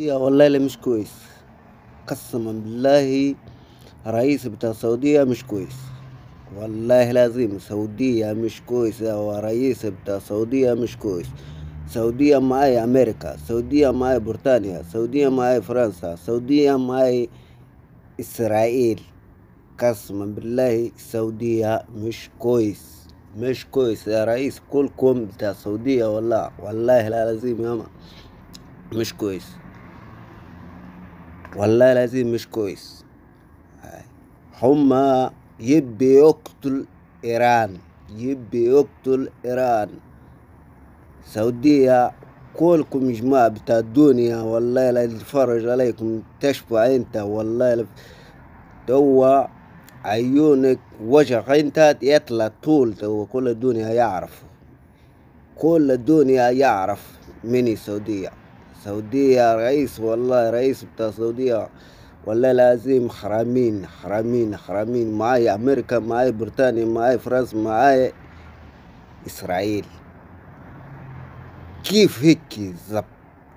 يا والله لا مش كويس قسما بالله رئيس بتاع السعودية مش كويس والله لازم السعودية مش كويسة ورئيس بتاع السعودية مش كويس السعودية معي أمريكا السعودية معي بريطانيا السعودية معي فرنسا السعودية معي إسرائيل قسما بالله السعودية مش كويس مش كويس يا رئيس كلكم بتاع السعودية والله والله العظيم ياما مش كويس والله العظيم مش كويس هما يبي يقتل إيران يبي يقتل إيران السعودية كلكم جماعة بتاع الدنيا والله لا يتفرج عليكم تشبع انت والله توا عيونك وجهك انت يطلع طول توا كل الدنيا يعرف كل الدنيا يعرف من السعودية السعودية يا رئيس والله رئيس بتاع السعودية والله لازم حرامين حرامين حرامين معاي أمريكا معاي بريطانيا معاي فرنسا معاي إسرائيل كيف هيك زب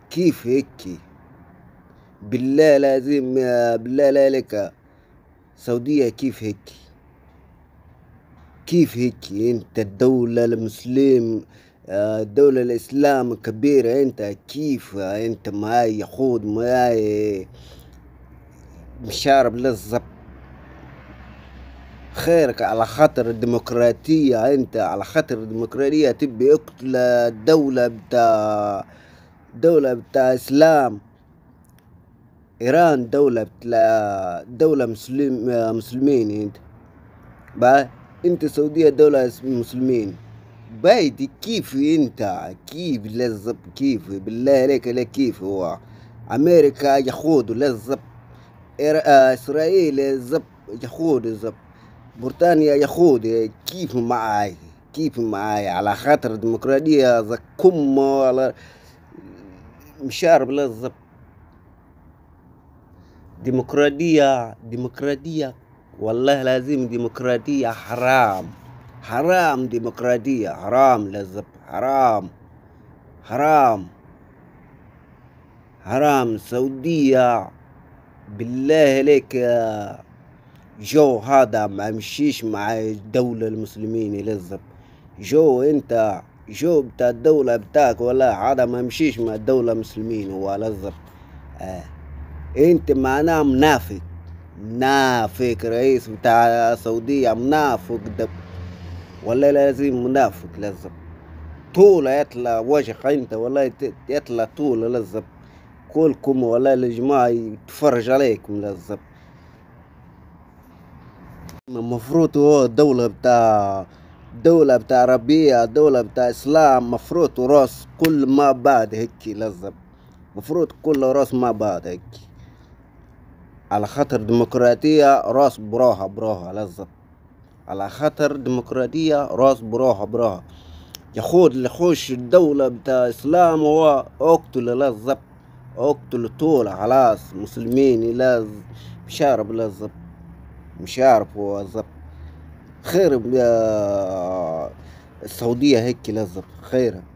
كيف هيك بالله لازم بالله لك سعودية كيف هيك كيف هيك انت الدولة المسلم الدولة الإسلام كبيرة أنت كيف أنت ما يخوض ما مشارب للزب خيرك على خاطر الديمقراطية أنت على خاطر الديمقراطية تبي اقتل الدولة بتاع دولة بتاع إسلام إيران دولة بتاع دولة مسلم مسلمين أنت بقى أنت السعودية دولة مسلمين بيتي كيف انت كيف لازم كيف بالله عليك لا كيف هو امريكا يخوض لازم آه، اسرائيل الزب يخوض الزب بريطانيا يخوض كيف معاي كيف معاي على خاطر الديمقراطية زكم ولا مشارب لازم ديمقراطية ديمقراطية والله لازم ديمقراطية حرام حرام ديمقراطية حرام لزب حرام حرام حرام سعودية بالله لك جو هذا ما مشيش مع الدولة المسلمين لزب جو انت جو بتاع الدولة بتاعك ولا هذا ما مشيش مع الدولة المسلمين ولا الذبح آه. انت معناه منافق منافق رئيس بتاع السعودية منافق دب. والله لازم منافق لازم طول يطلع وجهك انت والله يطلع طول لازم كلكم والله الجماعة يتفرج عليكم لازم المفروض هو دولة بتاع دولة بتاع عربية دولة بتاع إسلام مفروض راس كل ما بعد هيك لازم مفروض كل راس ما بعد هيك على خاطر ديمقراطية راس براها براها لازم على خاطر الديمقراطية راس براها براها يخوض اللي يخش الدولة بتاع اسلام هو اقتل لا الزبط اقتل طول خلاص مسلمين لا مش لا زب مش هو زب خير آه، السعودية هيك لا الزبط خيرها